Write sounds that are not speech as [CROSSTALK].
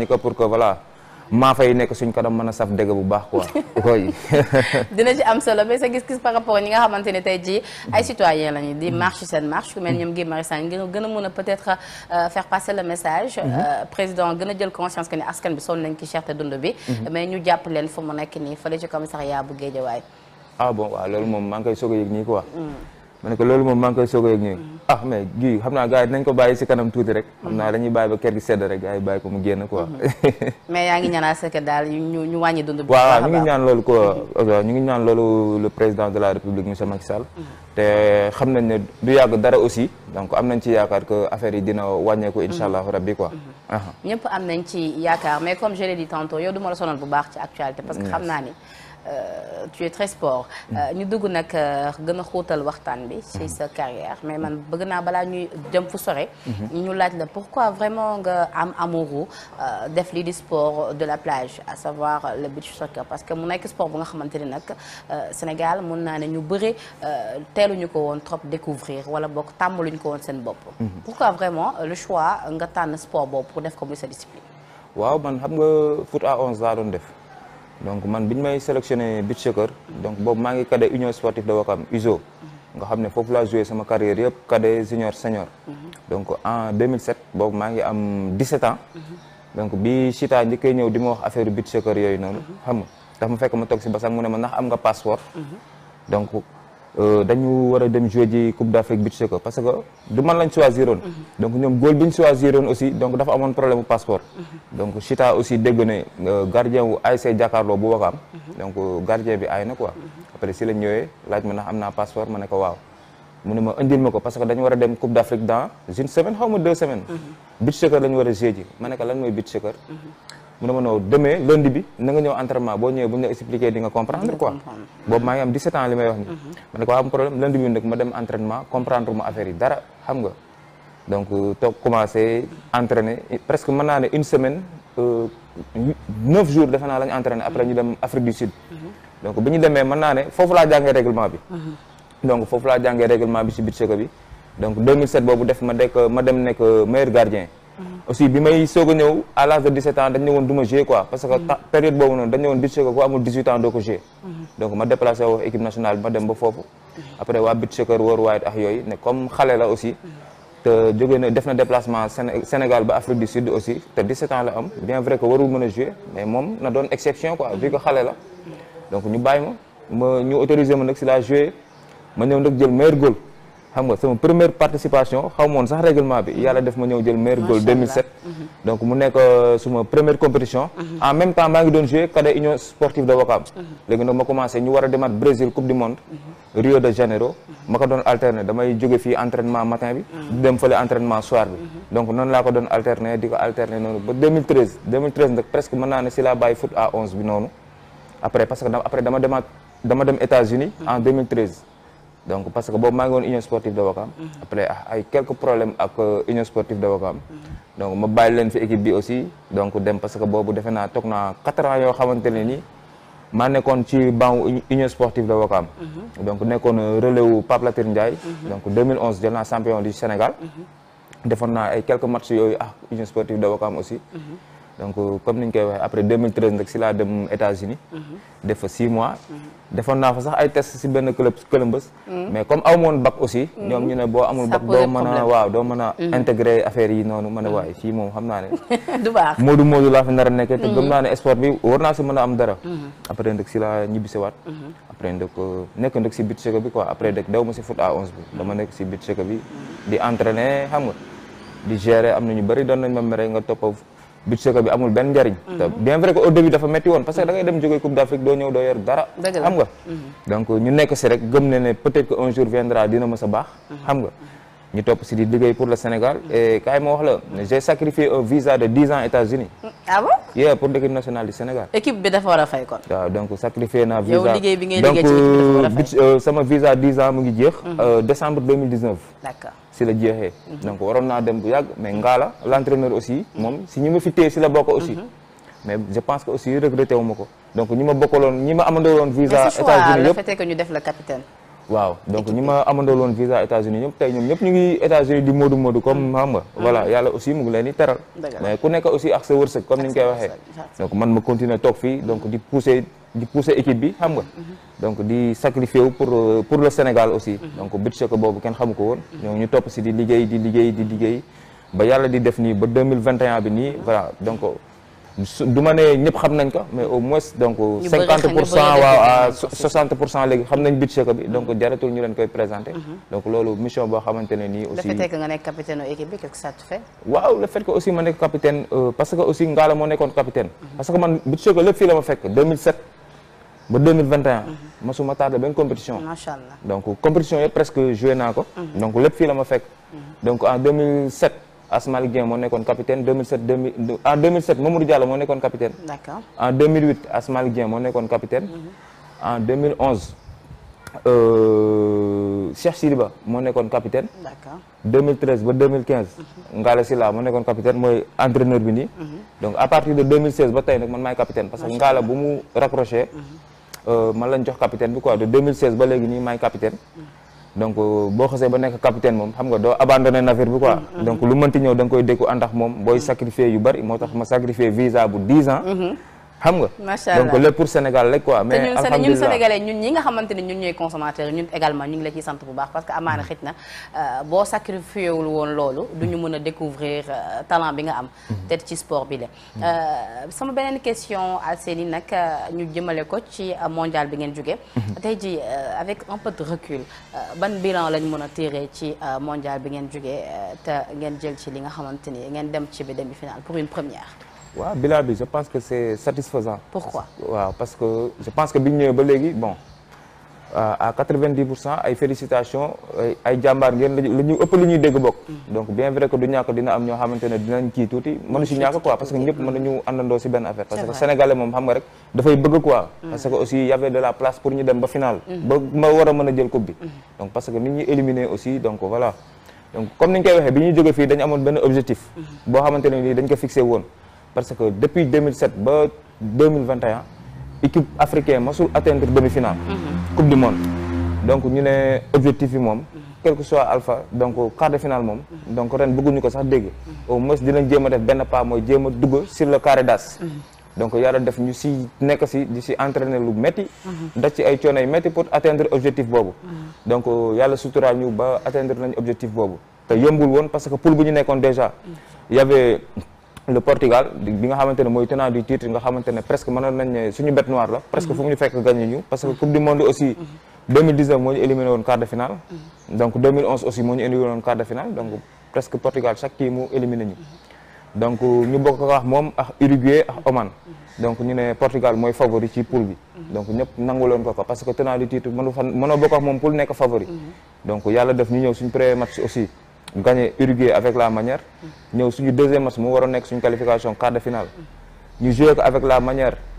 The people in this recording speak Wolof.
ni ko pour que voilà maa nekk suñ kanam mën a saf dëgg bu baax quoi. koy [LAUGHS] [LAUGHS] dina ci am solo mais sa gis-gis par rapport ñi nga xamante ne tey jii mm-hmm. ay citoyens lañu di mm-hmm. marche seen marche ku mel ñoom Guy Marius gën a gën a mën a peut-être euh, message. Mm-hmm. Euh, président gën a jël conscience que ni askan bi sonn nañ ci cherté dund bi. mais ñu jàpp leen fu mu nekk nii fële ci commissariat bu Guédiawaye. ah bon waaw loolu moom maa ngi koy yëg nii quoi. Mm. ma ne loolu moom maa ngi koy soog a yëg ñuy ah mais gi xam naa gars yi ko bàyyi si kanam tuuti rek xam naa dañuy bàyyi ba ker gi sedd rek gars yi bàyyi ko mu génn quoi [LAUGHS] mais yaa ngi ñaanal seke daal ñu ñu wàññi dund bi waaw ñu ngi ñaan loolu quoi ñu ngi ñaan loolu le président de la république monsieur Macky Sall mm-hmm. te xam nañ ne du yàgg dara aussi donc am nañ ci yaakaar que affaire yi dina wàññeeku mm-hmm. insha allahu rabbi quoi mm-hmm. uh-huh. ñëpp am nañ ci yaakaar mais comme je l'ai dit yow du ma la sonal bu baax ci actualité parce xam naa ni Euh, tu es très sport. Mm. Euh, ñu dugg nag euh, gën a xóotal waxtaan bi. ci sa carrière mais man bëgg naa balaa ñuy jëm fu sore. Mm-hmm. ñu laaj la pourquoi vraiment nga am amoureux def lii di sport de la plage à savoir le beach soccer parce que mu nekk sport bu nga xamante ni nag Sénégal mun naa ne ñu bëre teeluñu ko woon trop découvrir wala bokk tàmmaluñu ko woon seen bopp. Mm-hmm. pourquoi vraiment le choix nga tànn sport boobu pour def ko muy sa discipline. waaw man xam nga foot à 11 donc man bi ñu may sélectionné beach soccer donc boobu maa ngi cadet union sportive de Wakam USO nga xam ne foofu la joué sama carrière yëpp cadet junior senior donc en 2007 boobu maa ngi am 17 ans donc bi Chita njëkkee ñëw di ma wax affaire beach soccer yooyu noonu xam nga dafa ma fekk ma toog si basang mu ne ma nax am nga passeport mhm. donc Euh, dañu war a dem jouer ji coupe d' Afrique beach soccer parce que du man lañ choisiroon mhm. donc ñoom góol bi ñu choisiroon aussi donc dafa amoon problème bu passeport mhm. donc Chita aussi dégg ne euh, gardien wu ASC Jakaarlo bu Wakaam mhm. donc euh, gardien bi aay na quoi après si lañ ñëwee laaj ma ndax am naa passeport ma ne ko waaw mu ne ma indil ma ko parce que dañu war a dem coupe d' Afrique dans une semaine xaw ma deux semaines beach soccer la ñu war ma ne ko lan mooy beach soccer mu ne ma noo demee lundi bi na nga ñëw entraînement boo ñëwee bu ñu la expliqué di nga comprendre quoi boobu maa ngi xam 17 ans li may wax ni mhm. ma ne ko am problème lundi bi nag ma dem entraînement euh, naa ne une semaine euh, neuf jours defe naa la ñu entraîné après ñu dem Afrique du Sud mhm. donc bi ñu demee mën naa ne foofu laa jàngee règlement bi mhm. donc foofu laa jàngee règlement bi si Bitcheka bi donc boobu def ma dekk ma dem nekk meilleur gardien Mm-hmm. aussi bi may soog a ñëw à l'âge de 17 ans dañ ne woon du ma jouer quoi parce que mm-hmm. période boobu noonu dañ ne woon beach soccer ko amul 18 ans doo ko jouer mm-hmm. donc ma déplacé woo nationale ma dem ba foofu après waa beach soccer worldwide ak yooyu ne comme xale la aussi te jóge na def na déplacement Sénégal ba Afrique du Sud aussi te 17 ans la am bien vrai que warul mën a jouer mais moom na doon exception quoi vu que xale la donc ñu bàyyi ma ma ñu autorisé ma nag si ma ñëw nag jël meilleur goal xam nga sama première participation xaw moon sax règlement bi yàlla def ma ñëw jël meilleur goal 2007 donc mu nekk euh, suma première compétition mhm. en même temps maa ngi doon joué cadet union sportive de Wakam mhm. léegi nag ma ñu war a demaat Brésil coupe du mhm. de Janeiro ma ko doon alterner damay jóge fii entraînement matin bi di dem fële entraînement soir bi donc noonu laa ko doon alterner di ko alterner noonu ba 2013 2013 nag presque mën naa ne si laa bàyyi foot à 11 bi noonu après parce que après dama dem États-Unis en 2013 donc parce que boobu maa ngi woon union sportive de Wakam. Mhm. après ay quelques problèmes ak euh, union sportive de Wakam. Mhm. donc ma bàyyi leen fi équipe bi aussi donc dem parce que boobu defe naa toog naa quatre ans yoo xamante ne ni maa nekkoon ci banc union sportive de Wakam. Mhm. donc nekkoon euh, relais wu Pape donc 2011 jël naa champion du Sénégal. defoon naa ay quelques matchs yooyu ak union sportive de Wakam aussi. donc euh, comme ni ñu koy waxee après 2013 nag si laa dem États-Unis mhm. def fa 6 mois. Mhm. defoon naa fa sax ay test si benn club Columbus. Mhm. mais comme aw moon bac aussi. ñoom ñu ne boo amul bac doo mën a waaw mën a. intégré affaire yi noonu ma ne waaye fii moom xam naa ne. [LAUGHS] du baax Moodu Moodu laa fi nar nekkee. te gëm naa ne sport bi war naa si mën a am dara. après nag si laa ñibbisewaat. après nag euh, nekk nag si bit soccer bi quoi après nag daw ma si foot à 11 bi dama nekk si beach soccer bi. di entraîner xam nga di gérer am na ñu bëri doon nañ ma nga topp beach soccer bi amul benn njariñ mhm. te bien vrai que au début dafa metti woon parce que da ngay dem jógee coupe d'Afrique doo ñëw doo yor dara xam nga mhm. donc ñu nekk si rek gëm ne ne peut-être que un jour viendra dina mës a baax mhm. xam nga ñu topp si di liggéey pour le Sénégal et kaay ma wax la j'ai sacrifié un visa de dix ans États-Unis ah pour l'équipe nationale du Sénégal équipe bi dafa war a fay kon donc sacrifié naa visa donc euh, euh, sama visa dix ans mu ngi jeex mhm. euh, décembre si la jeexee mhm. donc waroon naa dem bu yàgg mais Ngala l'entraîneur aussi mhm. moom si ñi ma fi téye si la bokk aussi mais je pense que aussi regretté ko donc ñi ma bokkaloon ñi ma amandoo woon visa États-Unis yëpp waaw donc ñi ma amandooloon visa États-Unis ñëpp tey ñoom ñëpp ñu ngi États-Unis di moodu moodu comme mm. xam nga voilà mm. yàlla aussi mu ngi leen teral mais ku nekk aussi ak sa wërsëg comme ni ñu koy donc man ma continuer toog fii donc di pousser di pousser équipe bi xam nga mm-hmm. donc di sacrifier wu pour euh, pour le Sénégal aussi mm-hmm. donc budget ko boobu kenn xamu ko woon mm-hmm. ñoo ñu topp si di liggéey di liggéey di liggéey ba yàlla di def nii ba 2021 bi nii voilà donc du ma ne ñëpp xam nañ ko mais au moins donc. 50 pour cent waaw 60 pour cent léegi xam nañ beach soccer bi donc mhm. jaratul ñu leen koy présenter. Mhm. donc loolu mission boo xamante nii. aussi le fait que nga nekk capitaine équipe bi qu'est-ce te fait. waaw le fait que aussi ma nekk capitaine euh, parce que aussi Ngalla moo nekkoon capitaine. Mhm. parce que man beach soccer lépp fii la ma fekk 2007. ba 2021. masuma tardé compétition. donc compétition yëpp presque Asmal Gueye moo nekkoon capitaine 2007 2000 en 2007 Mamadou Diallo moo nekkoon capitaine. d'accord en 2008 Asmal Gueye moo nekkoon capitaine. Mhm. en 2011 euh, Cheikh Sidiba moo nekkoon capitaine. d'accord 2013 ba 2015. Mhm. Ngala Sylla moo nekkoon capitaine mooy entraîneur bi nii. Mhm. donc à partir de 2016 ba tey nag man maay capitaine. parce que Ngala bu mu raccroché. Euh, man lañ jox capitaine bi quoi de 2016 ba léegi nii maay capitaine. donc boo xasee ba nekk capitaine moom xam nga doo abandonné navire bi quoi. Mm-hmm. donc lu ti ñëw danga koy dékku ànd ak moom booy sacrifier yu bari moo tax ma sacrifier visa bu 10 ans. Mm-hmm. xam nga macha allah donc lépp pour Sénégal ñun ñi nga xamante ni ñun ñooy consommateurs ñun également ñu ngi la ciy sant bu baax parce que amaana mm. xëj na euh, boo sacrifié wul woon loolu du ñu mun a découvrir euh, talent bi nga am. Mm-hmm. te ci sport bi la. Mm. Euh, sama beneen question Alseny nag ñu jëmale ko ci mondial bi ngeen jógee. Mm-hmm. tey ji avec un peu de recul ban bilan lañ mun a tiré ci mondial bi ngeen jógee te ngeen jël ci li nga xamante ni ngeen dem ci bi demi-finale pour une waaw bilan bi je pense que c'est satisfaisant. pourquoi waaw parce que bi ñu ba léegi bon euh, à quatre-vingt-dix pour cent ay félicitations ay jàmbaar ngeen la ñu ëpp li dégg bokk. Mm. donc bien vrai que du ñàkk dina am ñoo xamante ne dinañ kii tuuti mënu si ñàkk quoi parce que ñëpp a nañu àndandoo si benn affaire. parce que sénégalais moom xam nga rek dafay bëgg quoi. Mm. parce que aussi y de la place pour ñu dem ba final. Mm. ba ma war a jël coupe parce que nit ñi éliminé aussi donc voilà donc koy waxee bi ñuy jógee fii dañu amoon benn objectif. boo xamante ne nii dañ ko fixé woon. parce que depuis 2007 ba 2021 équipe ma masul atteindre demi-finale. Mhm. coupe du monde. donc ñu ne objectif yi moom. quel que soit alpha donc quart de finale moom. Mhm. donc ren bëgguñu ko sax dégg. Mhm. au moins dinañ jéem a def benn pas mooy jéem dugg sur le carré d'as. donc yàlla def ñu si nekk si di si entraîner lu métti. daj ci ay coono yu métti pour atteindre objectif boobu. donc euh, yàlla sutura ñu ba atteindre nañ objectif boobu. te yombul woon le Portugal bi nga xamante ne mooy tenant du titre nga xamante ne presque mënoon nañ ne suñu bête noire la presque fu mu ñu fekk gagné ñu parce que mhm. mhm. Portugal chaque kii mu éliminé ñu mhm. donc ñu bokk moom ak Uruguay ak Oman donc ñu ne Portugal mooy favori ci poule bi donc ñëpp nanguloon ko ko parce que tenant du titre mënu fa mënoo moom poule nekk favori donc yàlla def ñu ñëw suñu premier match aussi gagné Uruguay avec la manière ñëw suñu deuxième match mu waroon nekk suñu qualification quart de finale ñu joué avec la manière